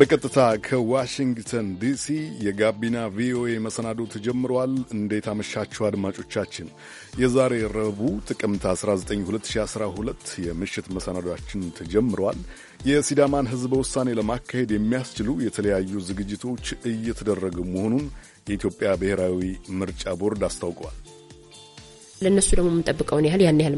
በቀጥታ ከዋሽንግተን ዲሲ የጋቢና ቪኦኤ መሰናዶ ተጀምረዋል። እንዴት አመሻችሁ አድማጮቻችን። የዛሬ ረቡዕ ጥቅምት 19 2012 የምሽት መሰናዶችን ተጀምረዋል። የሲዳማን ሕዝበ ውሳኔ ለማካሄድ የሚያስችሉ የተለያዩ ዝግጅቶች እየተደረጉ መሆኑን የኢትዮጵያ ብሔራዊ ምርጫ ቦርድ አስታውቀዋል። ለእነሱ ደግሞ የምንጠብቀውን ያህል ያን ያህል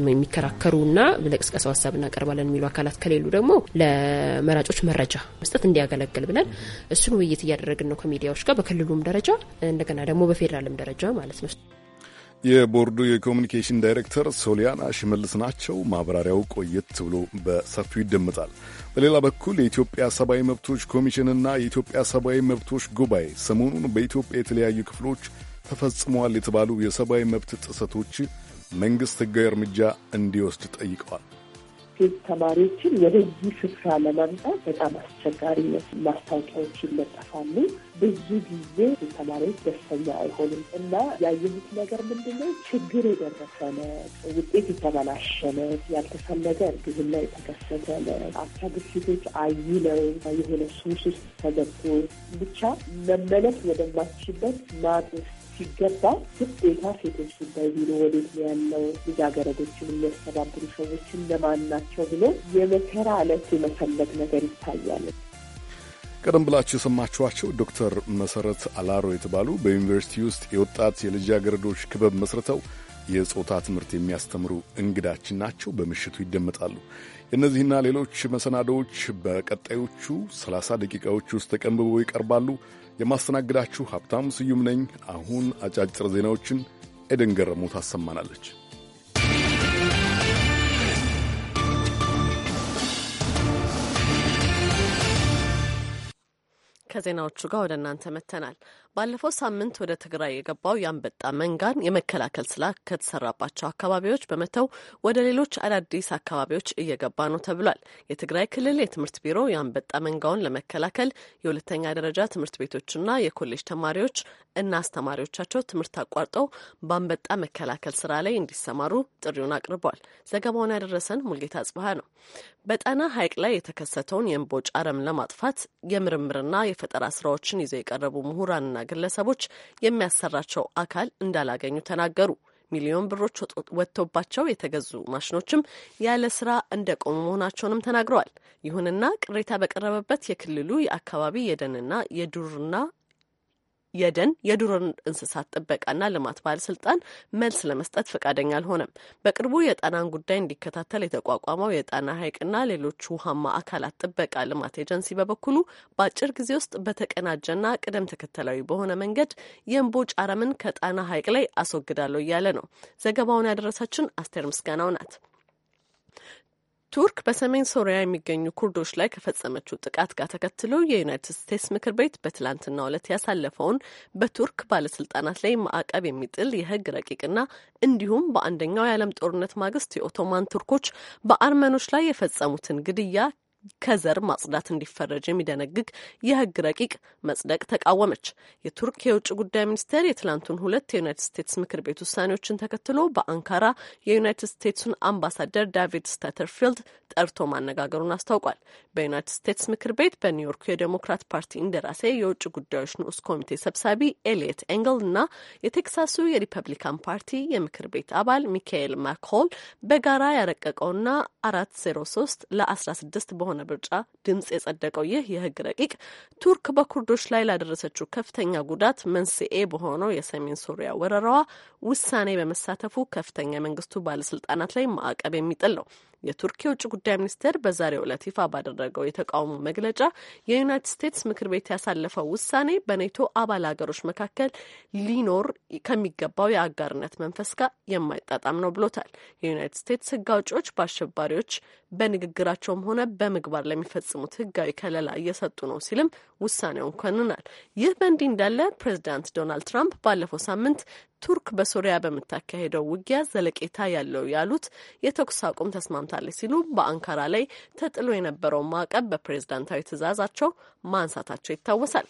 ና ለቅስቀሳው ሀሳብ እናቀርባለን የሚሉ አካላት ከሌሉ ደግሞ ለመራጮች መረጃ መስጠት እንዲያገለግል ብለን እሱን ውይይት እያደረግን ነው ከሚዲያዎች ጋር በክልሉም ደረጃ እንደገና ደግሞ በፌዴራልም ደረጃ ማለት ነው። የቦርዱ የኮሚኒኬሽን ዳይሬክተር ሶሊያና ሽመልስ ናቸው። ማብራሪያው ቆየት ብሎ በሰፊው ይደመጣል። በሌላ በኩል የኢትዮጵያ ሰብአዊ መብቶች ኮሚሽንና የኢትዮጵያ ሰብአዊ መብቶች ጉባኤ ሰሞኑን በኢትዮጵያ የተለያዩ ክፍሎች ተፈጽመዋል የተባሉ የሰብአዊ መብት ጥሰቶች መንግሥት ሕጋዊ እርምጃ እንዲወስድ ጠይቀዋል። ሴት ተማሪዎችን ወደዚህ ስፍራ ለመምጣት በጣም አስቸጋሪ ማስታወቂያዎች ይለጠፋሉ። ብዙ ጊዜ ተማሪዎች ደስተኛ አይሆንም እና ያየሁት ነገር ምንድነው ችግር የደረሰ ውጤት የተበላሸነ ያልተፈለገ እርግዝና የተከሰተ አቻ ግፊቶች አይ ነው የሆነ ሱስ ውስጥ ተገብቶ ብቻ መመለስ ወደማችበት ማጥስ ሲገባ ግዴታ ሴቶች ጉዳይ ቢሮ ወዴት ነው ያለው፣ ልጃገረዶችን የሚያስተባብሩ ሰዎችን ለማን ናቸው ብሎ የመከራ ዕለት የመፈለግ ነገር ይታያል። ቀደም ብላችሁ የሰማችኋቸው ዶክተር መሰረት አላሮ የተባሉ በዩኒቨርሲቲ ውስጥ የወጣት የልጃገረዶች ክበብ መስርተው የጾታ ትምህርት የሚያስተምሩ እንግዳችን ናቸው። በምሽቱ ይደመጣሉ። የእነዚህና ሌሎች መሰናዶዎች በቀጣዮቹ 30 ደቂቃዎች ውስጥ ተቀንብበው ይቀርባሉ። የማስተናግዳችሁ ሀብታሙ ስዩም ነኝ። አሁን አጫጭር ዜናዎችን ኤደን ገረሙ ታሰማናለች። ከዜናዎቹ ጋር ወደ እናንተ መጥተናል። ባለፈው ሳምንት ወደ ትግራይ የገባው የአንበጣ መንጋን የመከላከል ስራ ከተሰራባቸው አካባቢዎች በመተው ወደ ሌሎች አዳዲስ አካባቢዎች እየገባ ነው ተብሏል። የትግራይ ክልል የትምህርት ቢሮ የአንበጣ መንጋውን ለመከላከል የሁለተኛ ደረጃ ትምህርት ቤቶችና የኮሌጅ ተማሪዎች እና አስተማሪዎቻቸው ትምህርት አቋርጠው በአንበጣ መከላከል ስራ ላይ እንዲሰማሩ ጥሪውን አቅርቧል። ዘገባውን ያደረሰን ሙልጌታ አጽብሃ ነው። በጣና ሐይቅ ላይ የተከሰተውን የእምቦጭ አረም ለማጥፋት የምርምርና የፈጠራ ስራዎችን ይዘው የቀረቡ ምሁራንና ግለሰቦች የሚያሰራቸው አካል እንዳላገኙ ተናገሩ። ሚሊዮን ብሮች ወጥቶባቸው የተገዙ ማሽኖችም ያለ ስራ እንደቆሙ መሆናቸውንም ተናግረዋል። ይሁንና ቅሬታ በቀረበበት የክልሉ የአካባቢ የደንና የዱርና የደን የዱር እንስሳት ጥበቃና ልማት ባለስልጣን መልስ ለመስጠት ፈቃደኛ አልሆነም። በቅርቡ የጣናን ጉዳይ እንዲከታተል የተቋቋመው የጣና ሐይቅና ሌሎች ውሃማ አካላት ጥበቃ ልማት ኤጀንሲ በበኩሉ በአጭር ጊዜ ውስጥ በተቀናጀና ቅደም ተከተላዊ በሆነ መንገድ የእምቦጭ አረምን ከጣና ሐይቅ ላይ አስወግዳለሁ እያለ ነው። ዘገባውን ያደረሳችን አስቴር ምስጋናው ናት። ቱርክ በሰሜን ሶሪያ የሚገኙ ኩርዶች ላይ ከፈጸመችው ጥቃት ጋር ተከትሎ የዩናይትድ ስቴትስ ምክር ቤት በትላንትናው ዕለት ያሳለፈውን በቱርክ ባለስልጣናት ላይ ማዕቀብ የሚጥል የህግ ረቂቅና እንዲሁም በአንደኛው የዓለም ጦርነት ማግስት የኦቶማን ቱርኮች በአርመኖች ላይ የፈጸሙትን ግድያ ከዘር ማጽዳት እንዲፈረጅ የሚደነግግ የህግ ረቂቅ መጽደቅ ተቃወመች። የቱርክ የውጭ ጉዳይ ሚኒስቴር የትላንቱን ሁለት የዩናይትድ ስቴትስ ምክር ቤት ውሳኔዎችን ተከትሎ በአንካራ የዩናይትድ ስቴትሱን አምባሳደር ዳቪድ ስታተርፊልድ ጠርቶ ማነጋገሩን አስታውቋል። በዩናይትድ ስቴትስ ምክር ቤት በኒውዮርኩ የዴሞክራት ፓርቲ እንደራሴ የውጭ ጉዳዮች ንዑስ ኮሚቴ ሰብሳቢ ኤሊየት ኤንግል እና የቴክሳሱ የሪፐብሊካን ፓርቲ የምክር ቤት አባል ሚካኤል ማክሆል በጋራ ያረቀቀውና አራት ዜሮ ሶስት ለአስራ ስድስት በሆነ በሆነ ምርጫ ድምፅ የጸደቀው ይህ የህግ ረቂቅ ቱርክ በኩርዶች ላይ ላደረሰችው ከፍተኛ ጉዳት መንስኤ በሆነው የሰሜን ሱሪያ ወረራዋ ውሳኔ በመሳተፉ ከፍተኛ የመንግስቱ ባለስልጣናት ላይ ማዕቀብ የሚጥል ነው። የቱርክ የውጭ ጉዳይ ሚኒስቴር በዛሬው ዕለት ይፋ ባደረገው የተቃውሞ መግለጫ የዩናይትድ ስቴትስ ምክር ቤት ያሳለፈው ውሳኔ በኔቶ አባል ሀገሮች መካከል ሊኖር ከሚገባው የአጋርነት መንፈስ ጋር የማይጣጣም ነው ብሎታል። የዩናይትድ ስቴትስ ሕግ አውጪዎች በአሸባሪዎች በንግግራቸውም ሆነ በምግባር ለሚፈጽሙት ሕጋዊ ከለላ እየሰጡ ነው ሲልም ውሳኔውን ኮንናል። ይህ በእንዲህ እንዳለ ፕሬዚዳንት ዶናልድ ትራምፕ ባለፈው ሳምንት ቱርክ በሶሪያ በምታካሄደው ውጊያ ዘለቄታ ያለው ያሉት የተኩስ አቁም ተስማምታለች ሲሉ በአንካራ ላይ ተጥሎ የነበረውን ማዕቀብ በፕሬዝዳንታዊ ትዕዛዛቸው ማንሳታቸው ይታወሳል።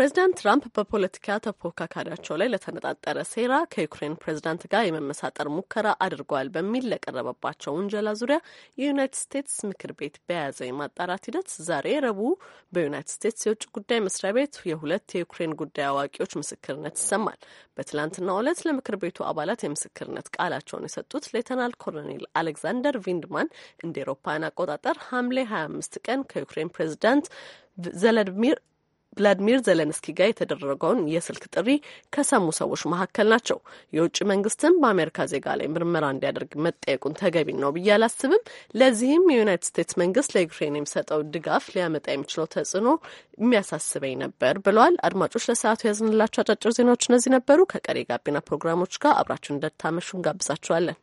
ፕሬዚዳንት ትራምፕ በፖለቲካ ተፎካካሪያቸው ላይ ለተነጣጠረ ሴራ ከዩክሬን ፕሬዚዳንት ጋር የመመሳጠር ሙከራ አድርገዋል በሚል ለቀረበባቸው ውንጀላ ዙሪያ የዩናይትድ ስቴትስ ምክር ቤት በያዘ የማጣራት ሂደት ዛሬ ረቡዕ በዩናይትድ ስቴትስ የውጭ ጉዳይ መስሪያ ቤት የሁለት የዩክሬን ጉዳይ አዋቂዎች ምስክርነት ይሰማል። በትላንትናው ዕለት ለምክር ቤቱ አባላት የምስክርነት ቃላቸውን የሰጡት ሌተናል ኮሎኔል አሌክዛንደር ቪንድማን እንደ ኤሮፓውያን አቆጣጠር ሐምሌ 25 ቀን ከዩክሬን ፕሬዚዳንት ዘለድሚር ቭላዲሚር ዘለንስኪ ጋር የተደረገውን የስልክ ጥሪ ከሰሙ ሰዎች መካከል ናቸው። የውጭ መንግስትም በአሜሪካ ዜጋ ላይ ምርመራ እንዲያደርግ መጠየቁን ተገቢ ነው ብዬ አላስብም። ለዚህም የዩናይትድ ስቴትስ መንግስት ለዩክሬን የሚሰጠው ድጋፍ ሊያመጣ የሚችለው ተጽዕኖ የሚያሳስበኝ ነበር ብለዋል። አድማጮች ለሰዓቱ ያዝንላቸው አጫጭር ዜናዎች እነዚህ ነበሩ። ከቀሪ ጋቢና ፕሮግራሞች ጋር አብራችሁን እንደታመሹ እንጋብዛችኋለን።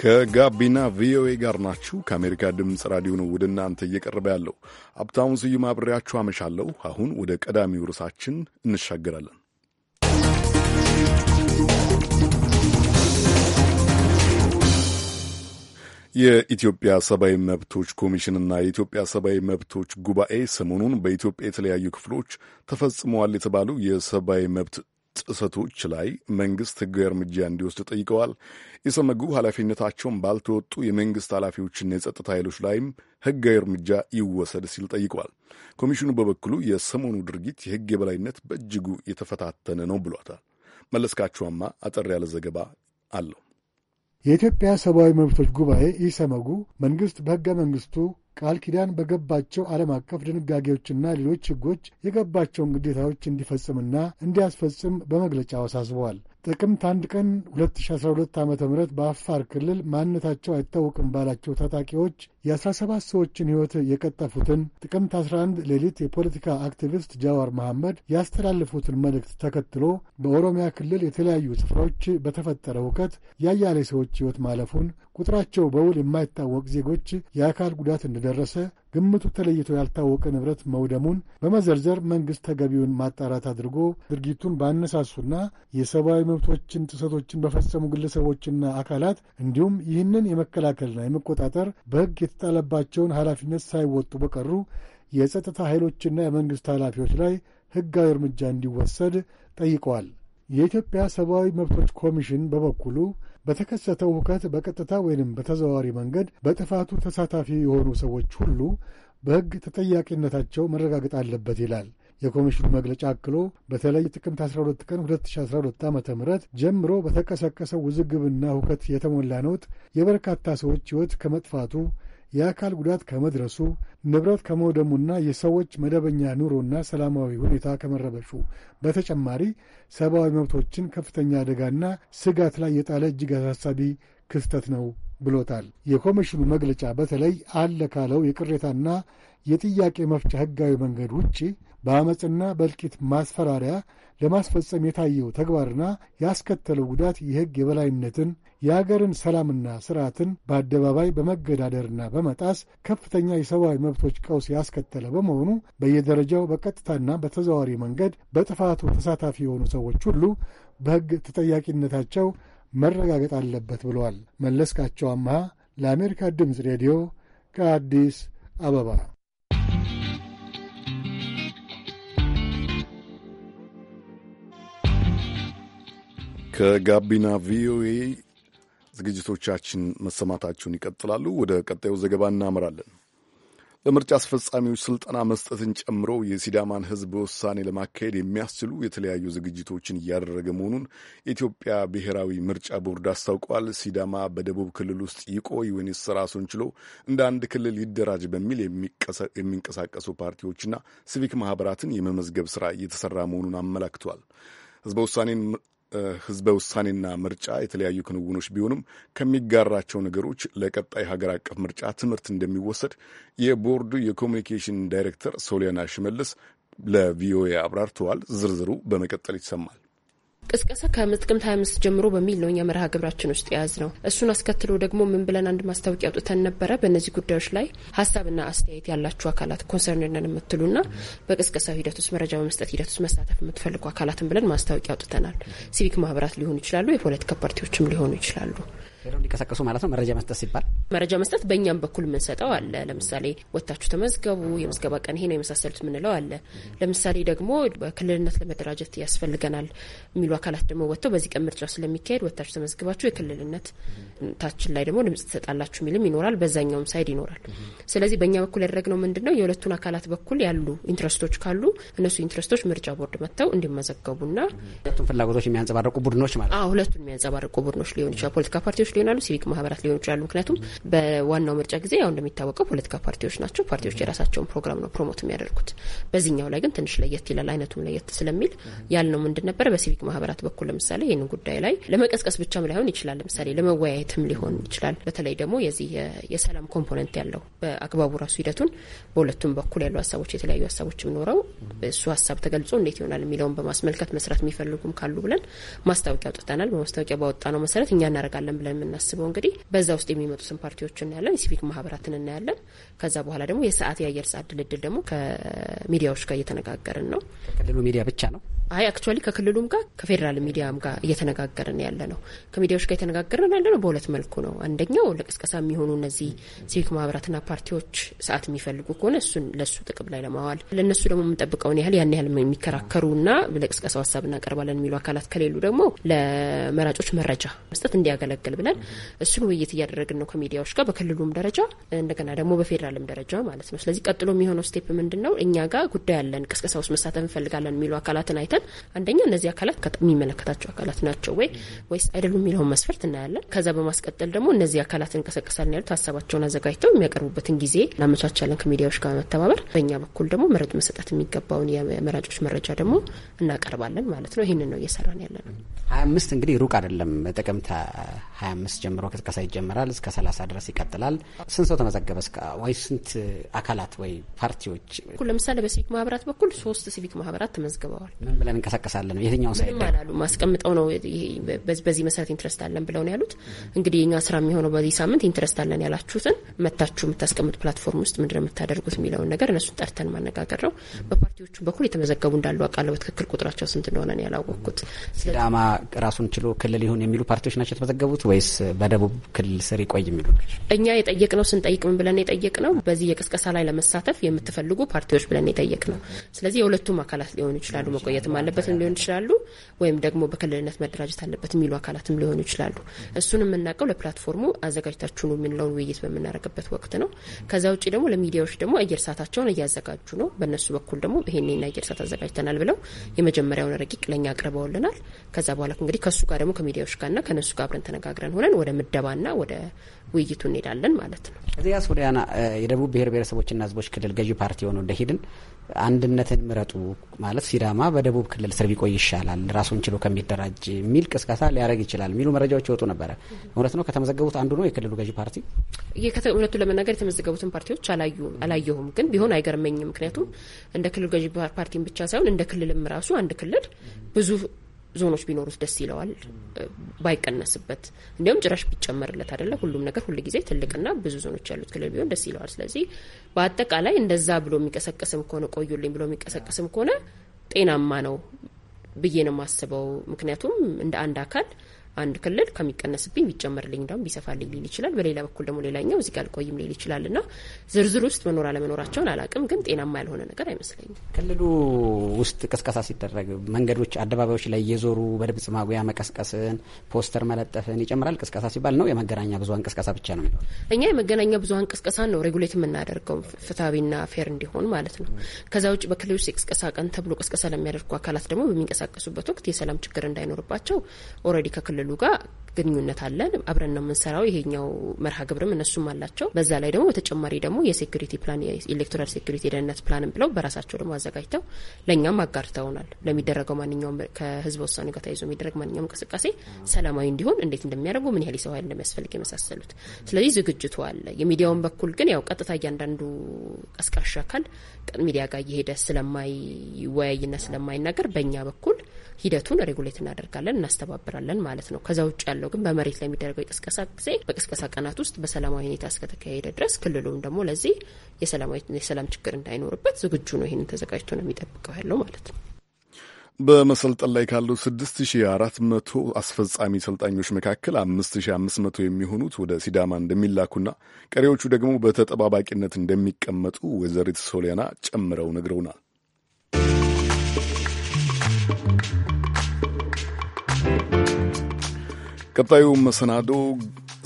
ከጋቢና ቪኦኤ ጋር ናችሁ። ከአሜሪካ ድምፅ ራዲዮ ነው ወደ እናንተ እየቀረበ ያለው። ሀብታሙን ስዩም አብሬያችሁ አመሻለሁ። አሁን ወደ ቀዳሚው ርዕሳችን እንሻገራለን። የኢትዮጵያ ሰብአዊ መብቶች ኮሚሽንና የኢትዮጵያ ሰብአዊ መብቶች ጉባኤ ሰሞኑን በኢትዮጵያ የተለያዩ ክፍሎች ተፈጽመዋል የተባሉ የሰብአዊ መብት ጥሰቶች ላይ መንግስት ህጋዊ እርምጃ እንዲወስድ ጠይቀዋል። ኢሰመጉ ኃላፊነታቸውን ባልተወጡ የመንግስት ኃላፊዎችና የጸጥታ ኃይሎች ላይም ህጋዊ እርምጃ ይወሰድ ሲል ጠይቀዋል። ኮሚሽኑ በበኩሉ የሰሞኑ ድርጊት የህግ የበላይነት በእጅጉ የተፈታተነ ነው ብሏታል። መለስካቸዋማ አጠር ያለ ዘገባ አለው። የኢትዮጵያ ሰብአዊ መብቶች ጉባኤ ኢሰመጉ መንግሥት በሕገ መንግሥቱ ቃል ኪዳን በገባቸው ዓለም አቀፍ ድንጋጌዎችና ሌሎች ሕጎች የገባቸውን ግዴታዎች እንዲፈጽምና እንዲያስፈጽም በመግለጫው አሳስበዋል። ጥቅምት አንድ ቀን 2012 ዓ ም በአፋር ክልል ማንነታቸው አይታወቅም ባላቸው ታጣቂዎች የ17 ሰዎችን ሕይወት የቀጠፉትን ጥቅምት 11 ሌሊት የፖለቲካ አክቲቪስት ጃዋር መሐመድ ያስተላለፉትን መልእክት ተከትሎ በኦሮሚያ ክልል የተለያዩ ስፍራዎች በተፈጠረ ሁከት ያያሌ ሰዎች ሕይወት ማለፉን ቁጥራቸው በውል የማይታወቅ ዜጎች የአካል ጉዳት እንደደረሰ ግምቱ ተለይቶ ያልታወቀ ንብረት መውደሙን በመዘርዘር መንግሥት ተገቢውን ማጣራት አድርጎ ድርጊቱን ባነሳሱና የሰብአዊ መብቶችን ጥሰቶችን በፈጸሙ ግለሰቦችና አካላት እንዲሁም ይህንን የመከላከልና የመቆጣጠር በሕግ የተጣለባቸውን ኃላፊነት ሳይወጡ በቀሩ የጸጥታ ኃይሎችና የመንግሥት ኃላፊዎች ላይ ሕጋዊ እርምጃ እንዲወሰድ ጠይቀዋል። የኢትዮጵያ ሰብአዊ መብቶች ኮሚሽን በበኩሉ በተከሰተው ሁከት በቀጥታ ወይንም በተዘዋዋሪ መንገድ በጥፋቱ ተሳታፊ የሆኑ ሰዎች ሁሉ በሕግ ተጠያቂነታቸው መረጋገጥ አለበት ይላል። የኮሚሽኑ መግለጫ አክሎ በተለይ ጥቅምት 12 ቀን 2012 ዓ ም ጀምሮ በተቀሰቀሰው ውዝግብና ሁከት የተሞላ ነውጥ የበርካታ ሰዎች ሕይወት ከመጥፋቱ የአካል ጉዳት ከመድረሱ ንብረት ከመውደሙና የሰዎች መደበኛ ኑሮና ሰላማዊ ሁኔታ ከመረበሹ በተጨማሪ ሰብአዊ መብቶችን ከፍተኛ አደጋና ስጋት ላይ የጣለ እጅግ አሳሳቢ ክስተት ነው ብሎታል። የኮሚሽኑ መግለጫ በተለይ አለ ካለው የቅሬታና የጥያቄ መፍቻ ሕጋዊ መንገድ ውጪ በአመፅና በእልቂት ማስፈራሪያ ለማስፈጸም የታየው ተግባርና ያስከተለው ጉዳት የሕግ የበላይነትን የአገርን ሰላምና ስርዓትን በአደባባይ በመገዳደርና በመጣስ ከፍተኛ የሰብአዊ መብቶች ቀውስ ያስከተለ በመሆኑ በየደረጃው በቀጥታና በተዘዋዋሪ መንገድ በጥፋቱ ተሳታፊ የሆኑ ሰዎች ሁሉ በሕግ ተጠያቂነታቸው መረጋገጥ አለበት ብለዋል። መለስካቸው አምሃ ለአሜሪካ ድምፅ ሬዲዮ ከአዲስ አበባ ከጋቢና ቪኦኤ ዝግጅቶቻችን መሰማታችሁን ይቀጥላሉ። ወደ ቀጣዩ ዘገባ እናመራለን። ለምርጫ አስፈጻሚዎች ስልጠና መስጠትን ጨምሮ የሲዳማን ሕዝብ ውሳኔ ለማካሄድ የሚያስችሉ የተለያዩ ዝግጅቶችን እያደረገ መሆኑን የኢትዮጵያ ብሔራዊ ምርጫ ቦርድ አስታውቋል። ሲዳማ በደቡብ ክልል ውስጥ ይቆይ ወይንስ ራሱን ችሎ እንደ አንድ ክልል ይደራጅ በሚል የሚንቀሳቀሱ ፓርቲዎችና ሲቪክ ማህበራትን የመመዝገብ ስራ እየተሰራ መሆኑን አመላክቷል። ሕዝበ ውሳኔን ህዝበ ውሳኔና ምርጫ የተለያዩ ክንውኖች ቢሆኑም ከሚጋራቸው ነገሮች ለቀጣይ ሀገር አቀፍ ምርጫ ትምህርት እንደሚወሰድ የቦርዱ የኮሚኒኬሽን ዳይሬክተር ሶሊያና ሽመልስ ለቪኦኤ አብራርተዋል። ዝርዝሩ በመቀጠል ይሰማል። ቅስቀሳ ከምጥቅምት 25 ጀምሮ በሚል ነው እኛ መርሃ ግብራችን ውስጥ የያዝ ነው። እሱን አስከትሎ ደግሞ ምን ብለን አንድ ማስታወቂያ አውጥተን ነበረ። በእነዚህ ጉዳዮች ላይ ሀሳብና አስተያየት ያላችሁ አካላት ኮንሰርን ኮንሰርንን የምትሉና በቅስቀሳው ሂደት ውስጥ መረጃ በመስጠት ሂደት ውስጥ መሳተፍ የምትፈልጉ አካላትን ብለን ማስታወቂያ አውጥተናል። ሲቪክ ማህበራት ሊሆኑ ይችላሉ፣ የፖለቲካ ፓርቲዎችም ሊሆኑ ይችላሉ። ሄደው ማለት ነው። መረጃ መስጠት ሲባል መረጃ መስጠት በእኛም በኩል የምንሰጠው አለ። ለምሳሌ ወታችሁ ተመዝገቡ፣ የምዝገባ ቀን ይሄ ነው የመሳሰሉት የምንለው አለ። ለምሳሌ ደግሞ በክልልነት ለመደራጀት ያስፈልገናል የሚሉ አካላት ደግሞ ወጥተው በዚህ ቀን ምርጫው ስለሚካሄድ ወታችሁ ተመዝግባችሁ የክልልነት ታችን ላይ ደግሞ ድምጽ ትሰጣላችሁ የሚልም ይኖራል። በዛኛውም ሳይድ ይኖራል። ስለዚህ በእኛ በኩል ያደረግነው ምንድን ነው የሁለቱን አካላት በኩል ያሉ ኢንትረስቶች ካሉ እነሱ ኢንትረስቶች ምርጫ ቦርድ መጥተው እንዲመዘገቡና ሁለቱን ፍላጎቶች የሚያንጸባርቁ ቡድኖች ማለት ነው። ሁለቱን የሚያንጸባርቁ ቡድኖች ሊሆን ይችላል። ፖለቲካ ፓርቲዎች ሊሆናሉ፣ ሲቪክ ማህበራት ሊሆኑ ይችላሉ። ምክንያቱም በዋናው ምርጫ ጊዜ ያው እንደሚታወቀው ፖለቲካ ፓርቲዎች ናቸው። ፓርቲዎች የራሳቸውን ፕሮግራም ነው ፕሮሞት የሚያደርጉት። በዚህኛው ላይ ግን ትንሽ ለየት ይላል። አይነቱም ለየት ስለሚል ያልነው ምንድን ነበረ በሲቪክ ማህበራት በኩል ለምሳሌ ይህንን ጉዳይ ላይ ለመቀስቀስ ብቻም ላይሆን ይችላል። ለምሳሌ ለመወያየት ውይይትም ሊሆን ይችላል። በተለይ ደግሞ የዚህ የሰላም ኮምፖነንት ያለው በአግባቡ ራሱ ሂደቱን በሁለቱም በኩል ያሉ ሀሳቦች የተለያዩ ሀሳቦችም ኖረው እሱ ሀሳብ ተገልጾ እንዴት ይሆናል የሚለውን በማስመልከት መስራት የሚፈልጉም ካሉ ብለን ማስታወቂያ አውጥተናል። በማስታወቂያ ነው መሰረት እኛ እናደርጋለን ብለን የምናስበው እንግዲህ በዛ ውስጥ የሚመጡትን ፓርቲዎች እናያለን፣ የሲቪክ ማህበራትን እናያለን። ከዛ በኋላ ደግሞ የሰዓት የአየር ሰዓት ድልድል ደግሞ ከሚዲያዎች ጋር እየተነጋገርን ነው። ከክልሉ ሚዲያ ብቻ ነው? አይ አክቹዋሊ ከክልሉም ጋር ከፌዴራል ሚዲያም ጋር እየተነጋገርን ያለ ነው። ከሚዲያዎች ጋር እየተነጋገርን ያለ ነው። በሁለት መልኩ ነው። አንደኛው ለቅስቀሳ የሚሆኑ እነዚህ ሲቪክ ማህበራትና ፓርቲዎች ሰዓት የሚፈልጉ ከሆነ እሱን ለእሱ ጥቅም ላይ ለማዋል ለእነሱ ደግሞ የምንጠብቀውን ያህል ያን ያህል የሚከራከሩና ለቅስቀሳው ሀሳብ እናቀርባለን የሚሉ አካላት ከሌሉ ደግሞ ለመራጮች መረጃ መስጠት እንዲያገለግል ብለን እሱን ውይይት እያደረግን ነው ከሚዲያዎች ጋር በክልሉም ደረጃ እንደገና ደግሞ በፌዴራልም ደረጃ ማለት ነው። ስለዚህ ቀጥሎ የሚሆነው ስቴፕ ምንድን ነው? እኛ ጋር ጉዳይ ያለን ቅስቀሳ ውስጥ መሳተፍ እንፈልጋለን የሚሉ አካላትን አይተን አንደኛ እነዚህ አካላት የሚመለከታቸው አካላት ናቸው ወይ ወይስ አይደሉም የሚለውን መስፈርት እናያለን። ከዛ በማስቀጠል ደግሞ እነዚህ አካላት እንቀሳቀሳል ያሉት ሀሳባቸውን አዘጋጅተው የሚያቀርቡበትን ጊዜ እናመቻቻለን ከሚዲያዎች ጋር በመተባበር። በእኛ በኩል ደግሞ መረጥ መሰጠት የሚገባውን የመራጮች መረጃ ደግሞ እናቀርባለን ማለት ነው። ይህንን ነው እየሰራን ያለ ነው። ሀያ አምስት እንግዲህ ሩቅ አይደለም። ጥቅምት ሀያ አምስት ጀምሮ ቅስቀሳ ይጀምራል። እስከ ሰላሳ ድረስ ይቀጥላል። ስንት ሰው ተመዘገበ? ወይ ስንት አካላት ወይ ፓርቲዎች? ለምሳሌ በሲቪክ ማህበራት በኩል ሶስት ሲቪክ ማህበራት ተመዝግበዋል። ምን ብለን እንቀሳቀሳለን ነው የትኛው ማስቀምጠው ነው በዚህ መሰረት ኢንትረስት አለን ብለው ነው ያሉት። እንግዲህ የኛ ስራ የሚሆነው በዚህ ሳምንት ኢንትረስት አለን ያላችሁትን መታችሁ የምታስቀምጡ ፕላትፎርም ውስጥ ምንድነው የምታደርጉት የሚለውን ነገር እነሱን ጠርተን ማነጋገር ነው። በፓርቲዎቹ በኩል የተመዘገቡ እንዳሉ አውቃለሁ። በትክክል ቁጥራቸው ስንት እንደሆነ ነው ያላወቅኩት። ሲዳማ ራሱን ችሎ ክልል ይሁን የሚሉ ፓርቲዎች ናቸው የተመዘገቡት ወይስ በደቡብ ክልል ስር ይቆይ የሚሉ እኛ የጠየቅ ነው። ስንጠይቅ ምን ብለን የጠየቅ ነው? በዚህ የቅስቀሳ ላይ ለመሳተፍ የምትፈልጉ ፓርቲዎች ብለን የጠየቅ ነው። ስለዚህ የሁለቱም አካላት ሊሆኑ ይችላሉ። መቆየትም አለበትም ሊሆኑ ይችላሉ፣ ወይም ደግሞ በክልልነት መደራጀት አለበት የሚሉ አካላትም ሊሆኑ ይችላሉ። እሱን የምናውቀው ለፕላትፎርሙ አዘጋጅታችሁ ነው የምንለውን ውይይት በምናደርግበት ወቅት ነው። ከዛ ውጭ ደግሞ ለሚዲያዎች ደግሞ አየር ሰዓታቸውን እያዘጋጁ ነው። በእነሱ በኩል ደግሞ ይሄንን አየር ሰዓት አዘጋጅተናል ብለው የመጀመሪያውን ረቂቅ ለእኛ አቅርበውልናል። ከዛ በኋላ እንግዲህ ከእሱ ጋር ደግሞ ከሚዲያዎች ጋርና ከእነሱ ጋር አብረን ተነጋግረን ሆነን ወደ ምደባና ወደ ውይይቱ እንሄዳለን ማለት ነው። እዚያ ሶሊያና የደቡብ ብሔር ብሔረሰቦችና ሕዝቦች ክልል ገዢ ፓርቲ የሆነው ደኢህዴን አንድነትን ምረጡ ማለት ሲዳማ በደቡብ ክልል ስር ቢቆይ ይሻላል ራሱን ችሎ ከሚደራጅ የሚል ቅስቀሳ ሊያደርግ ይችላል የሚሉ መረጃዎች ይወጡ ነበረ። እውነት ነው? ከተመዘገቡት አንዱ ነው የክልሉ ገዢ ፓርቲ። እውነቱ ለመናገር የተመዘገቡትን ፓርቲዎች አላየሁም፣ ግን ቢሆን አይገርመኝም። ምክንያቱም እንደ ክልሉ ገዢ ፓርቲን ብቻ ሳይሆን እንደ ክልልም ራሱ አንድ ክልል ብዙ ዞኖች ቢኖሩት ደስ ይለዋል። ባይቀነስበት እንዲሁም ጭራሽ ቢጨመርለት አይደለ ሁሉም ነገር ሁሉ ጊዜ ትልቅና ብዙ ዞኖች ያሉት ክልል ቢሆን ደስ ይለዋል። ስለዚህ በአጠቃላይ እንደዛ ብሎ የሚቀሰቀስም ከሆነ ቆዩልኝ ብሎ የሚቀሰቀስም ከሆነ ጤናማ ነው ብዬ ነው የማስበው። ምክንያቱም እንደ አንድ አካል አንድ ክልል ከሚቀነስብኝ ቢጨመርልኝ እንዳውም ቢሰፋልኝ ሊል ይችላል። በሌላ በኩል ደግሞ ሌላኛው እዚህ ጋር ልቆይም ሊል ይችላል እና ዝርዝር ውስጥ መኖር አለመኖራቸውን አላቅም፣ ግን ጤናማ ያልሆነ ነገር አይመስለኝም። ክልሉ ውስጥ ቅስቀሳ ሲደረግ መንገዶች፣ አደባባዮች ላይ እየዞሩ በድምጽ ማጉያ መቀስቀስን፣ ፖስተር መለጠፍን ይጨምራል። ቅስቀሳ ሲባል ነው የመገናኛ ብዙሀን ቅስቀሳ ብቻ ነው የሚለው። እኛ የመገናኛ ብዙሀን ቅስቀሳን ነው ሬጉሌት የምናደርገው ፍትሐዊና ፌር እንዲሆን ማለት ነው። ከዛ ውጭ በክልል ውስጥ የቅስቀሳ ቀን ተብሎ ቅስቀሳ ለሚያደርጉ አካላት ደግሞ በሚንቀሳቀሱበት ወቅት የሰላም ችግር እንዳይኖርባቸው ኦልሬዲ ከክልሉ ከክልሉ ጋር ግንኙነት አለን። አብረን ነው የምንሰራው። ይሄኛው መርሃ ግብርም እነሱም አላቸው። በዛ ላይ ደግሞ በተጨማሪ ደግሞ የሴኩሪቲ ፕላን የኤሌክቶራል ሴኩሪቲ የደህንነት ፕላንም ብለው በራሳቸው ደግሞ አዘጋጅተው ለእኛም አጋርተውናል። ለሚደረገው ማንኛውም ከህዝበ ውሳኔ ጋር ተያይዞ የሚደረግ ማንኛውም እንቅስቃሴ ሰላማዊ እንዲሆን እንዴት እንደሚያደርጉ ምን ያህል የሰው ኃይል እንደሚያስፈልግ የመሳሰሉት። ስለዚህ ዝግጅቱ አለ። የሚዲያውን በኩል ግን ያው ቀጥታ እያንዳንዱ ቀስቃሽ አካል ሚዲያ ጋር እየሄደ ስለማይወያይና ስለማይናገር በእኛ በኩል ሂደቱን ሬጉሌት እናደርጋለን፣ እናስተባብራለን ማለት ነው። ከዛ ውጭ ያለው ግን በመሬት ላይ የሚደረገው የቅስቀሳ ጊዜ በቅስቀሳ ቀናት ውስጥ በሰላማዊ ሁኔታ እስከተካሄደ ድረስ ክልሉም ደግሞ ለዚህ የሰላም ችግር እንዳይኖርበት ዝግጁ ነው። ይህንን ተዘጋጅቶ ነው የሚጠብቀው ያለው ማለት ነው። በመሰልጠን ላይ ካሉ 6400 አስፈጻሚ ሰልጣኞች መካከል 5500 የሚሆኑት ወደ ሲዳማ እንደሚላኩና ቀሪዎቹ ደግሞ በተጠባባቂነት እንደሚቀመጡ ወይዘሪት ሶሊያና ጨምረው ነግረውናል። ቀጣዩ መሰናዶ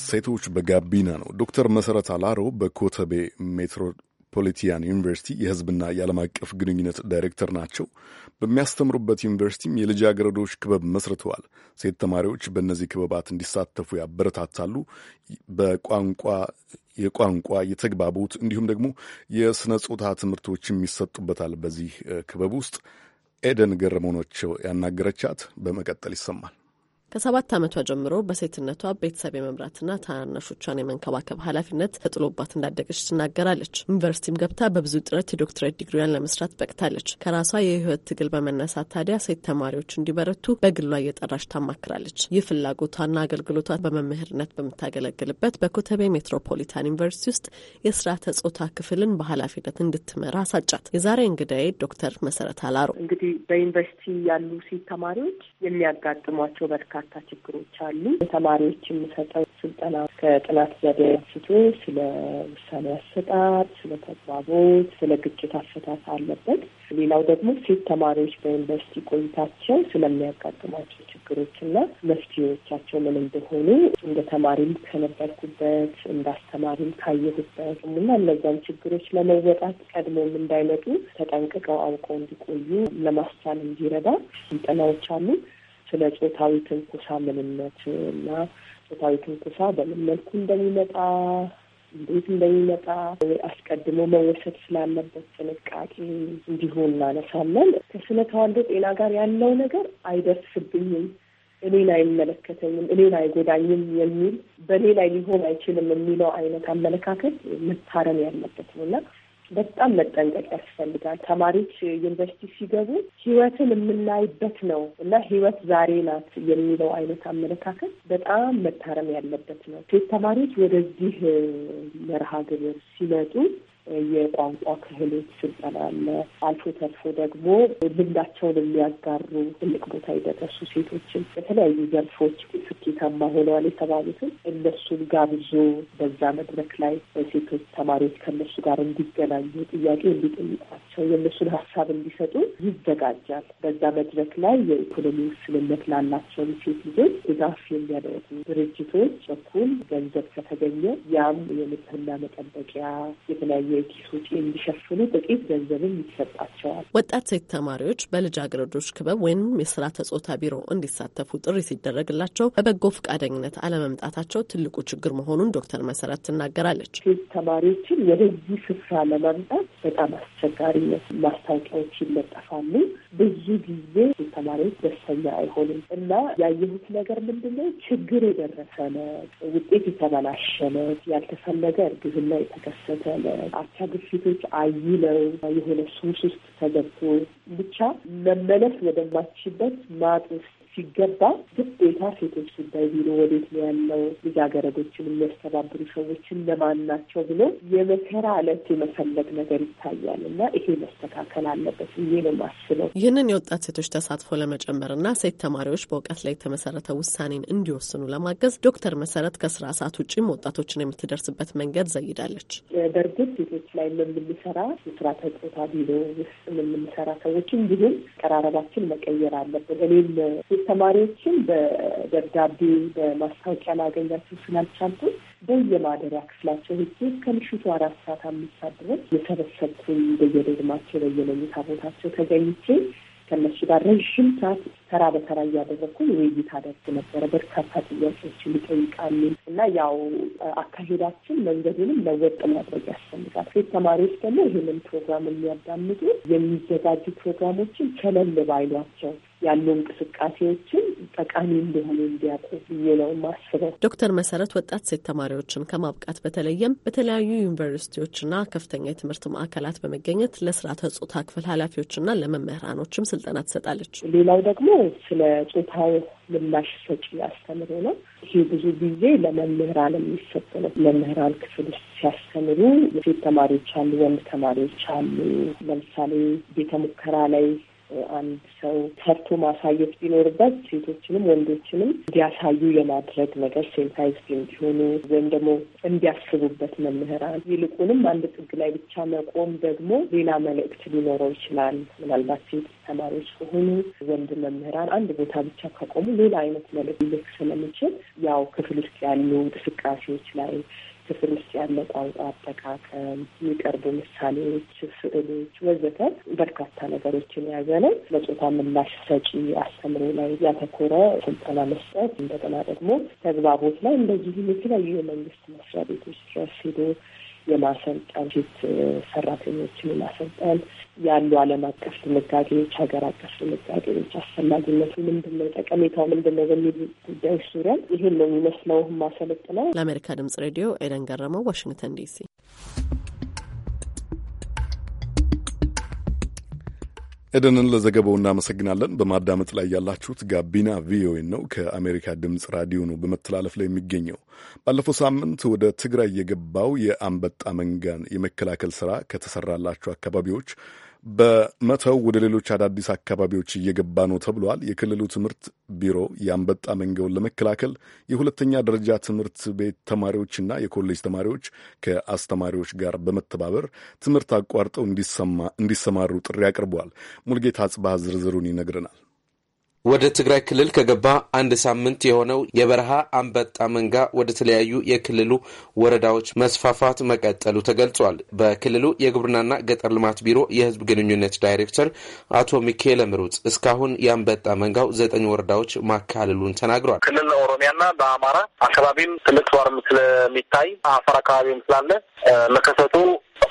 ሴቶች በጋቢና ነው። ዶክተር መሰረት አላሮ በኮተቤ ሜትሮፖሊቲያን ዩኒቨርሲቲ የህዝብና የዓለም አቀፍ ግንኙነት ዳይሬክተር ናቸው። በሚያስተምሩበት ዩኒቨርሲቲም የልጃገረዶች ክበብ መስርተዋል። ሴት ተማሪዎች በእነዚህ ክበባት እንዲሳተፉ ያበረታታሉ። በቋንቋ የቋንቋ የተግባቦት እንዲሁም ደግሞ የሥነ ጾታ ትምህርቶችም ይሰጡበታል። በዚህ ክበብ ውስጥ ኤደን ገረመኖቸው ያናገረቻት በመቀጠል ይሰማል። ከሰባት ዓመቷ ጀምሮ በሴትነቷ ቤተሰብ የመምራትና ታናናሾቿን የመንከባከብ ኃላፊነት ተጥሎባት እንዳደገች ትናገራለች። ዩኒቨርሲቲም ገብታ በብዙ ጥረት የዶክትሬት ዲግሪዋን ለመስራት በቅታለች። ከራሷ የህይወት ትግል በመነሳት ታዲያ ሴት ተማሪዎች እንዲበረቱ በግሏ እየጠራች ታማክራለች። ይህ ፍላጎቷና አገልግሎቷ በመምህርነት በምታገለግልበት በኮተቤ ሜትሮፖሊታን ዩኒቨርሲቲ ውስጥ የስርዓተ ጾታ ክፍልን በኃላፊነት እንድትመራ አሳጫት። የዛሬ እንግዳዬ ዶክተር መሰረት አላሮ እንግዲህ በዩኒቨርሲቲ ያሉ ሴት ተማሪዎች የሚያጋጥሟቸው በርካ በርካታ ችግሮች አሉ። ተማሪዎች የምሰጠው ስልጠና ከጥናት ዘዴ አንስቶ ስለ ውሳኔ አሰጣጥ፣ ስለ ተግባቦት፣ ስለ ግጭት አፈታት አለበት። ሌላው ደግሞ ሴት ተማሪዎች በዩኒቨርሲቲ ቆይታቸው ስለሚያጋጥሟቸው ችግሮችና መፍትሄዎቻቸው ምን እንደሆኑ እንደ ተማሪም ከነበርኩበት እንደ አስተማሪም ካየሁበት እና እነዚያን ችግሮች ለመወጣት ቀድሞም እንዳይመጡ ተጠንቅቀው አውቀው እንዲቆዩ ለማስቻል እንዲረዳ ስልጠናዎች አሉ። ስለ ጾታዊ ትንኮሳ ምንነት እና ጾታዊ ትንኮሳ በምን መልኩ እንደሚመጣ እንዴት እንደሚመጣ አስቀድሞ መወሰድ ስላለበት ጥንቃቄ እንዲሆን እናነሳለን። ከስነ ተዋልዶ ጤና ጋር ያለው ነገር አይደርስብኝም፣ እኔን አይመለከተኝም፣ እኔን አይጎዳኝም የሚል በእኔ ላይ ሊሆን አይችልም የሚለው አይነት አመለካከት መታረም ያለበት ነው እና በጣም መጠንቀቅ ያስፈልጋል። ተማሪዎች ዩኒቨርሲቲ ሲገቡ ህይወትን የምናይበት ነው እና ህይወት ዛሬ ናት የሚለው አይነት አመለካከት በጣም መታረም ያለበት ነው። ሴት ተማሪዎች ወደዚህ መርሃ ግብር ሲመጡ የቋንቋ ክህሎት ስልጠና አለ። አልፎ ተርፎ ደግሞ ልምዳቸውን የሚያጋሩ ትልቅ ቦታ የደረሱ ሴቶችን በተለያዩ ዘርፎች ስኬታማ ሆነዋል የተባሉትን እነሱን ጋብዞ በዛ መድረክ ላይ ሴቶች ተማሪዎች ከእነሱ ጋር እንዲገናኙ፣ ጥያቄ እንዲጠይቃቸው የእነሱን ሀሳብ እንዲሰጡ ይዘጋጃል። በዛ መድረክ ላይ የኢኮኖሚ ውስንነት ላላቸው ሴት ልጆች ድጋፍ የሚያደርጉ ድርጅቶች በኩል ገንዘብ ከተገኘ ያም የንጽህና መጠበቂያ የተለያዩ የኪስ ወጪ እንዲሸፍኑ ጥቂት ገንዘብም ይሰጣቸዋል። ወጣት ሴት ተማሪዎች በልጃገረዶች ክበብ ወይም የስራ ተጾታ ቢሮ እንዲሳተፉ ጥሪ ሲደረግላቸው በበጎ ፈቃደኝነት አለመምጣታቸው ትልቁ ችግር መሆኑን ዶክተር መሰረት ትናገራለች። ሴት ተማሪዎችን ወደዚህ ስፍራ ለማምጣት በጣም አስቸጋሪ ማስታወቂያዎች ይለጠፋሉ። ብዙ ጊዜ ሴት ተማሪዎች ደስተኛ አይሆኑም እና ያየሁት ነገር ምንድን ነው ችግር የደረሰ ነ ውጤት የተበላሸ ያልተፈለገ እርግዝና የተከሰተ ነ አቻ ግፊቶች አይለው የሆነ ሱስ ውስጥ ተገብቶ ብቻ መመለስ ወደማችበት ማጥ ውስጥ ሲገባ ግዴታ ሴቶች ጉዳይ ቢሮ ወዴት ነው ያለው፣ ልጃገረዶችን የሚያስተባብሩ ሰዎችን ለማን ናቸው ብሎ የመከራ ዕለት የመፈለግ ነገር ይታያል እና ይሄ መስተካከል አለበት ብዬ ነው የማስበው። ይህንን የወጣት ሴቶች ተሳትፎ ለመጨመርና ሴት ተማሪዎች በእውቀት ላይ የተመሰረተ ውሳኔን እንዲወስኑ ለማገዝ ዶክተር መሰረት ከስራ ሰዓት ውጭም ወጣቶችን የምትደርስበት መንገድ ዘይዳለች። በእርግጥ ሴቶች ላይ የምንሰራ የስራ ተጦታ ቢሮ ውስጥ የምንሰራ ሰዎች እንዲሁም ቀራረባችን መቀየር አለብን። እኔም ተማሪዎችን በደብዳቤ በማስታወቂያ ላገኛቸው ስላልቻልኩኝ በየማደሪያ ክፍላቸው ሄጄ ከምሽቱ አራት ሰዓት አምስት ሰዓት ድረስ የሰበሰብኩኝ በየዶርማቸው በየመኝታ ቦታቸው ተገኝቼ ከነሱ ጋር ረዥም ሰዓት ተራ በተራ እያደረግኩኝ ውይይት አደርግ ነበረ። በርካታ ጥያቄዎችን ይጠይቃሉ እና ያው አካሄዳችን መንገዱንም ለወጥ ማድረግ ያስፈልጋል። ሴት ተማሪዎች ደግሞ ይህንን ፕሮግራም የሚያዳምጡ የሚዘጋጁ ፕሮግራሞችን ቸለል ባይሏቸው ያሉ እንቅስቃሴዎችን ጠቃሚ እንደሆኑ እንዲያውቁ ብዬ ነው ማስበው። ዶክተር መሰረት ወጣት ሴት ተማሪዎችን ከማብቃት በተለየም በተለያዩ ዩኒቨርሲቲዎችና ከፍተኛ የትምህርት ማዕከላት በመገኘት ለስርዓተ ጾታ ክፍል ኃላፊዎችና ለመምህራኖችም ስልጠና ትሰጣለች። ሌላው ደግሞ ስለ ጾታዊ ምላሽ ሰጪ አስተምሮ ነው። ይሄ ብዙ ጊዜ ለመምህራን የሚሰጥ ነው። መምህራን ክፍል ውስጥ ሲያስተምሩ ሴት ተማሪዎች አሉ፣ ወንድ ተማሪዎች አሉ። ለምሳሌ ቤተ ሙከራ ላይ አንድ ሰው ሰርቶ ማሳየት ቢኖርበት ሴቶችንም ወንዶችንም እንዲያሳዩ የማድረግ ነገር ሴንታይዝ እንዲሆኑ ወይም ደግሞ እንዲያስቡበት መምህራን ይልቁንም አንድ ጥግ ላይ ብቻ መቆም ደግሞ ሌላ መልእክት ሊኖረው ይችላል። ምናልባት ሴት ተማሪዎች ከሆኑ ወንድ መምህራን አንድ ቦታ ብቻ ከቆሙ ሌላ አይነት መልእክት ልክ ስለምችል ያው ክፍል ውስጥ ያሉ እንቅስቃሴዎች ላይ ክፍል ውስጥ ያለ ቋንቋ አጠቃቀም፣ የሚቀርቡ ምሳሌዎች፣ ስዕሎች ወዘተ በርካታ ነገሮችን የያዘ ነው። በጾታ ምላሽ ሰጪ አስተምሮ ላይ ያተኮረ ስልጠና መስጠት፣ እንደገና ደግሞ ተግባቦት ላይ እንደዚሁም የተለያዩ የመንግስት መስሪያ ቤቶች ድረስ ሄዶ የማሰልጠን ሴት ሰራተኞችን የማሰልጠን ያሉ ዓለም አቀፍ ድንጋጌዎች፣ ሀገር አቀፍ ድንጋጌዎች አስፈላጊነቱ ምንድን ነው፣ ጠቀሜታው ምንድን ነው ጉዳዮች ዙሪያ ይህን ነው የሚመስለው። ማሰልጥ ነው። ለአሜሪካ ድምጽ ሬዲዮ ኤደን ገረመው፣ ዋሽንግተን ዲሲ። ኤደንን ለዘገባው እናመሰግናለን። በማዳመጥ ላይ ያላችሁት ጋቢና ቪኦኤ ነው፣ ከአሜሪካ ድምፅ ራዲዮ ነው በመተላለፍ ላይ የሚገኘው። ባለፈው ሳምንት ወደ ትግራይ የገባው የአንበጣ መንጋን የመከላከል ስራ ከተሰራላቸው አካባቢዎች በመተው ወደ ሌሎች አዳዲስ አካባቢዎች እየገባ ነው ተብሏል። የክልሉ ትምህርት ቢሮ የአንበጣ መንጋውን ለመከላከል የሁለተኛ ደረጃ ትምህርት ቤት ተማሪዎችና የኮሌጅ ተማሪዎች ከአስተማሪዎች ጋር በመተባበር ትምህርት አቋርጠው እንዲሰማሩ ጥሪ አቅርበዋል። ሙልጌታ አጽባህ ዝርዝሩን ይነግረናል። ወደ ትግራይ ክልል ከገባ አንድ ሳምንት የሆነው የበረሃ አንበጣ መንጋ ወደ ተለያዩ የክልሉ ወረዳዎች መስፋፋት መቀጠሉ ተገልጿል። በክልሉ የግብርናና ገጠር ልማት ቢሮ የሕዝብ ግንኙነት ዳይሬክተር አቶ ሚካኤል ምሩጽ እስካሁን የአንበጣ መንጋው ዘጠኝ ወረዳዎች ማካለሉን ተናግሯል። ክልል ኦሮሚያና በአማራ አካባቢም ትልቅ ስለሚታይ አፋር አካባቢም ስላለ መከሰቱ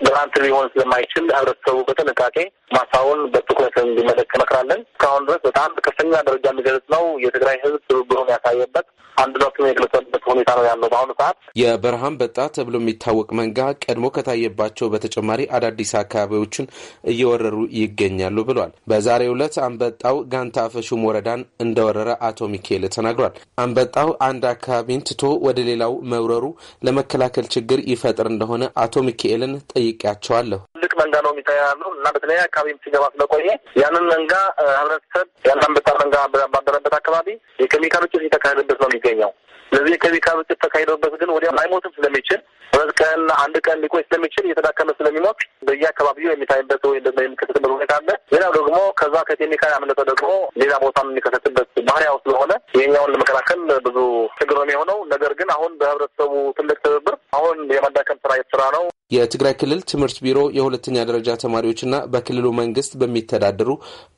ብራንት ሊሆን ስለማይችል ህብረተሰቡ በጥንቃቄ ማሳውን በትኩረት እንዲመለክ እመክራለን። እስካሁን ድረስ በጣም ከፍተኛ ደረጃ የሚገልጽ ነው። የትግራይ ህዝብ ትብብሩን ያሳየበት አንድነቱን የገለጸበት ሁኔታ ነው ያለው በአሁኑ ሰዓት። የበረሃን በጣ ተብሎ የሚታወቅ መንጋ ቀድሞ ከታየባቸው በተጨማሪ አዳዲስ አካባቢዎችን እየወረሩ ይገኛሉ ብሏል። በዛሬው ዕለት አንበጣው ጋንታ ፈሹም ወረዳን እንደወረረ አቶ ሚካኤል ተናግሯል። አንበጣው አንድ አካባቢን ትቶ ወደ ሌላው መውረሩ ለመከላከል ችግር ይፈጥር እንደሆነ አቶ ሚካኤልን ጠይቀ ጠይቄያቸዋለሁ። ትልቅ መንጋ ነው የሚታያ ያለው እና በተለያየ አካባቢ ሲገባ ስለቆየ ያንን መንጋ ህብረተሰብ ያን አንበጣ መንጋ ባደረበት አካባቢ የኬሚካል ውጭት የተካሄደበት ነው የሚገኘው። ስለዚህ የኬሚካል ውጭት ተካሂደበት ግን ወዲያ ላይሞትም ስለሚችል ሁለት ቀን አንድ ቀን ሊቆይ ስለሚችል እየተዳከመ ስለሚሞት በየአካባቢው የሚታይበት ወይ ደግሞ የሚከሰትበት ሁኔታ አለ። ሌላው ደግሞ ከዛ ከኬሚካል ያመለጠ ደግሞ ሌላ ቦታ የሚከሰትበት ባህሪያው ስለሆነ ይህኛውን ለመከላከል ብዙ ችግር ነው የሚሆነው። ነገር ግን አሁን በህብረተሰቡ ትልቅ ትብብር አሁን የመዳከም ስራ የተሰራ ነው። የትግራይ ክልል ትምህርት ቢሮ የሁለተኛ ደረጃ ተማሪዎችና በክልሉ መንግስት በሚተዳደሩ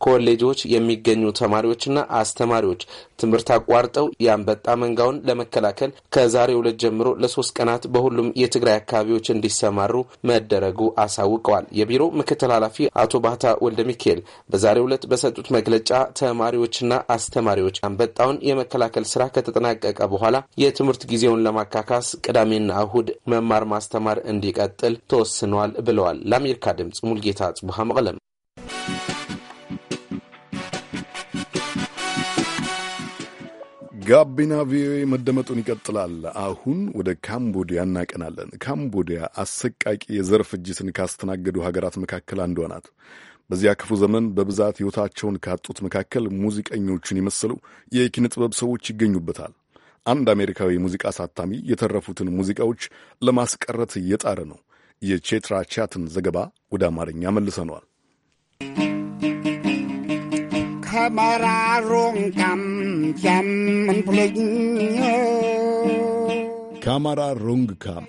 ኮሌጆች የሚገኙ ተማሪዎችና አስተማሪዎች ትምህርት አቋርጠው የአንበጣ መንጋውን ለመከላከል ከዛሬ ሁለት ጀምሮ ለሶስት ቀናት በሁሉም የትግራይ አካባቢዎች እንዲሰማሩ መደረጉ አሳውቀዋል። የቢሮ ምክትል ኃላፊ አቶ ባህታ ወልደ ሚካኤል በዛሬ ሁለት በሰጡት መግለጫ ተማሪዎችና አስተማሪዎች አንበጣውን የመከላከል ስራ ከተጠናቀቀ በኋላ የትምህርት ጊዜውን ለማካካስ ቅዳሜና እሁድ መማር ማስተማር እንዲቀጥል ለመቀጠል ተወስኗል ብለዋል። ለአሜሪካ ድምፅ ሙልጌታ ጽቡሃ መቅለም ጋቢና ቪኦኤ መደመጡን ይቀጥላል። አሁን ወደ ካምቦዲያ እናቀናለን። ካምቦዲያ አሰቃቂ የዘር ፍጅትን ካስተናገዱ ሀገራት መካከል አንዷ ናት። በዚያ ክፉ ዘመን በብዛት ሕይወታቸውን ካጡት መካከል ሙዚቀኞቹን የመሰሉ የኪነ ጥበብ ሰዎች ይገኙበታል። አንድ አሜሪካዊ ሙዚቃ አሳታሚ የተረፉትን ሙዚቃዎች ለማስቀረት እየጣረ ነው። የቼትራ ቻትን ዘገባ ወደ አማርኛ መልሰነዋል። ከአማራ ሮንግ ካም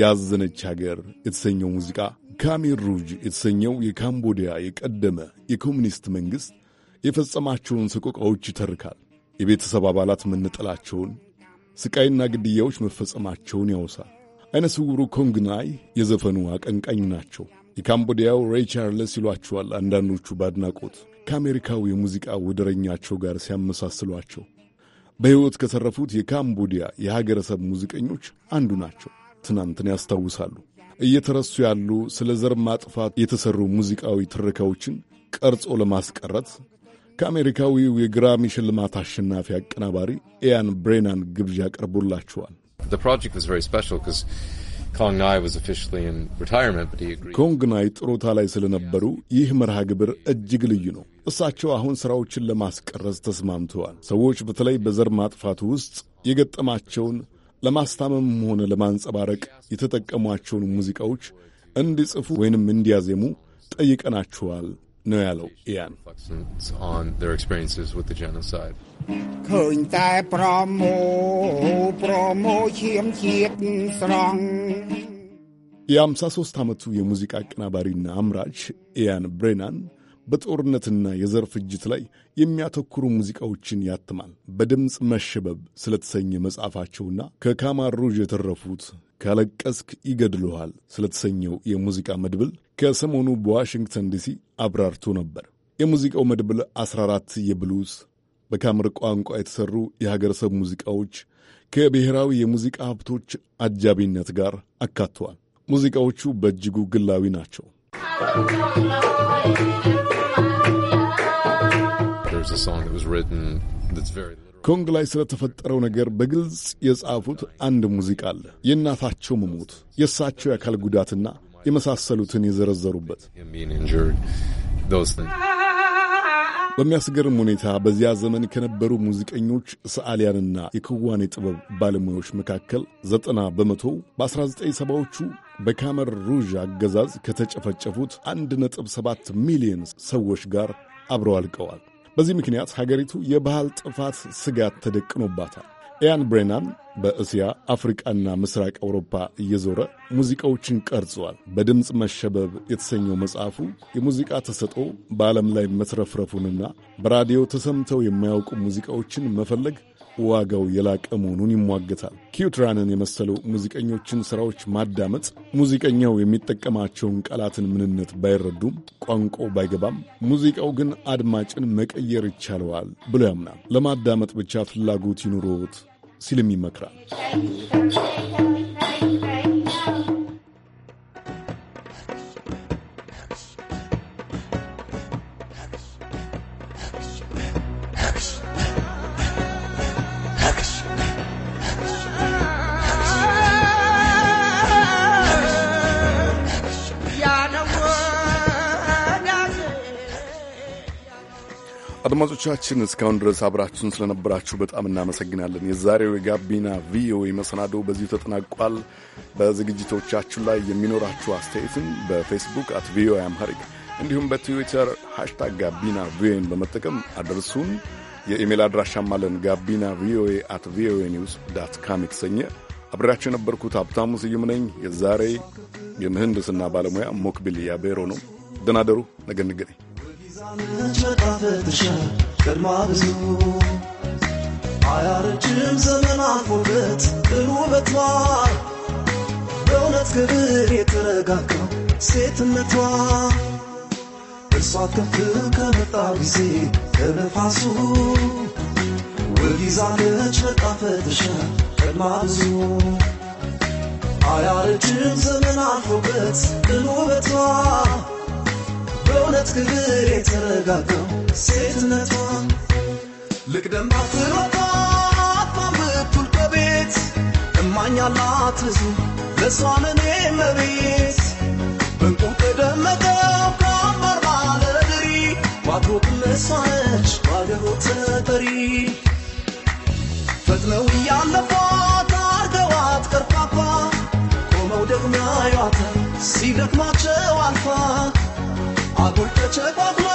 ያዘነች ሀገር የተሰኘው ሙዚቃ ካሜር ሩጅ የተሰኘው የካምቦዲያ የቀደመ የኮሚኒስት መንግሥት የፈጸማቸውን ሰቆቃዎች ይተርካል። የቤተሰብ አባላት መነጠላቸውን፣ ሥቃይና ግድያዎች መፈጸማቸውን ያውሳል አይነ ስውሩ ኮንግናይ የዘፈኑ አቀንቃኝ ናቸው። የካምቦዲያው ሬይ ቻርልስ ይሏቸዋል አንዳንዶቹ በአድናቆት ከአሜሪካው የሙዚቃ ወደረኛቸው ጋር ሲያመሳስሏቸው በሕይወት ከተረፉት የካምቦዲያ የሀገረሰብ ሙዚቀኞች አንዱ ናቸው። ትናንትን ያስታውሳሉ። እየተረሱ ያሉ ስለ ዘር ማጥፋት የተሠሩ ሙዚቃዊ ትርካዎችን ቀርጾ ለማስቀረት ከአሜሪካዊው የግራሚ ሽልማት አሸናፊ አቀናባሪ ኢያን ብሬናን ግብዣ ቀርቦላቸዋል። ኮንግናይ ጥሮታ ላይ ስለነበሩ ይህ መርሃ ግብር እጅግ ልዩ ነው። እሳቸው አሁን ሥራዎችን ለማስቀረጽ ተስማምተዋል። ሰዎች በተለይ በዘር ማጥፋቱ ውስጥ የገጠማቸውን ለማስታመም ሆነ ለማንጸባረቅ የተጠቀሟቸውን ሙዚቃዎች እንዲጽፉ ወይንም እንዲያዜሙ ጠይቀናችኋል ነው ያለው። ያን ኮንታይ ፕሮሞ ប្រមោឈាមជាតិស្រង់ የ53 ዓመቱ የሙዚቃ አቀናባሪና አምራች ኢያን ብሬናን በጦርነትና የዘር ፍጅት ላይ የሚያተኩሩ ሙዚቃዎችን ያትማል። በድምፅ መሸበብ ስለተሰኘ መጽሐፋቸውና ከካማር የተረፉት ካለቀስክ ይገድልሃል ስለተሰኘው የሙዚቃ መድብል ከሰሞኑ በዋሽንግተን ዲሲ አብራርቶ ነበር። የሙዚቃው መድብል 14 የብሉዝ በካምር ቋንቋ የተሰሩ የሀገረሰብ ሙዚቃዎች ከብሔራዊ የሙዚቃ ሀብቶች አጃቢነት ጋር አካተዋል። ሙዚቃዎቹ በእጅጉ ግላዊ ናቸው። ኮንግ ላይ ስለተፈጠረው ነገር በግልጽ የጻፉት አንድ ሙዚቃ አለ። የእናታቸው መሞት፣ የእሳቸው የአካል ጉዳትና የመሳሰሉትን የዘረዘሩበት በሚያስገርም ሁኔታ በዚያ ዘመን ከነበሩ ሙዚቀኞች፣ ሰዓሊያንና የክዋኔ ጥበብ ባለሙያዎች መካከል ዘጠና በመቶ በ1970ዎቹ በካመር ሩዥ አገዛዝ ከተጨፈጨፉት 1.7 ሚሊዮን ሰዎች ጋር አብረው አልቀዋል። በዚህ ምክንያት ሀገሪቱ የባህል ጥፋት ስጋት ተደቅኖባታል። ኢያን ብሬናን በእስያ አፍሪቃና ምስራቅ አውሮፓ እየዞረ ሙዚቃዎችን ቀርጿል። በድምፅ መሸበብ የተሰኘው መጽሐፉ የሙዚቃ ተሰጦ በዓለም ላይ መትረፍረፉንና በራዲዮ ተሰምተው የማያውቁ ሙዚቃዎችን መፈለግ ዋጋው የላቀ መሆኑን ይሟገታል። ኪዩትራንን የመሰሉ ሙዚቀኞችን ሥራዎች ማዳመጥ ሙዚቀኛው የሚጠቀማቸውን ቃላትን ምንነት ባይረዱም፣ ቋንቋው ባይገባም፣ ሙዚቃው ግን አድማጭን መቀየር ይቻለዋል ብሎ ያምናል። ለማዳመጥ ብቻ ፍላጎት ይኑሮት ሲልም ይመክራል። አድማጮቻችን እስካሁን ድረስ አብራችሁን ስለነበራችሁ በጣም እናመሰግናለን። የዛሬው የጋቢና ቪኦኤ መሰናዶ በዚሁ ተጠናቋል። በዝግጅቶቻችሁ ላይ የሚኖራችሁ አስተያየትን በፌስቡክ አት ቪኦኤ አምሃሪክ እንዲሁም በትዊተር ሃሽታግ ጋቢና ቪኦኤን በመጠቀም አድርሱን። የኢሜል አድራሻም አለን። ጋቢና ቪኦኤ አት ቪኦኤ ኒውስ ዳት ካም የተሰኘ አብሬያቸው የነበርኩት ሀብታሙ ስዩም ነኝ። የዛሬ የምህንድስና ባለሙያ ሞክቢል ያቤሮ ነው። ደናደሩ ነገ እንገናኝ። ነች መጣፈጥሻ ቀድማ ብዙ አያረጅም ዘመን አልፎበት ጥሩ ውበቷ በእውነት ክብር የተረጋጋው ሴትነቷ እርሷ ከፍ ከመጣ ጊዜ ከነፋሱ ወጊዛ ነች ቀድማ ብዙ አያረጅም ዘመን አልፎበት ጥሩ ውበቷ በእውነት ክብር የተረጋጋው ሴትነቷ ልቅደም ባትር ወጣት ማምቱል ከቤት እማኛላት አላት ብዙ መቤት በእንቁ ተደመቀው ከአምባር ባለድሪ ዋትሮቅም እሷ ነች ተጠሪ ፈጥነው እያለፏት አርገዋት ቀርፋፋ ቆመው ደግሞ ያዩዋታል ሲደክማቸው አልፋ አጎልጠች ቋጥራ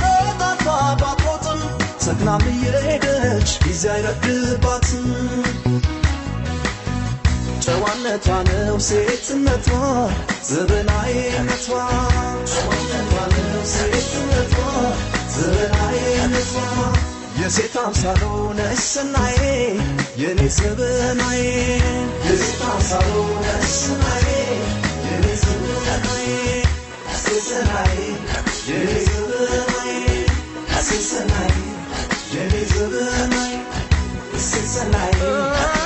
ተጣጣ ባትሮጥም ሰክናም እየሄደች ጊዜ አይረግባትም። ጨዋነቷ ነው ሴትነቷ ዘበናዊነቷ ጨዋነቷ ነው ስናዬ የኔ ስብናዬ የሴት አምሳሉ ስናዬ የኔ ስብናዬ ስናዬ Since the night, Jimmy's a little night. Since the night,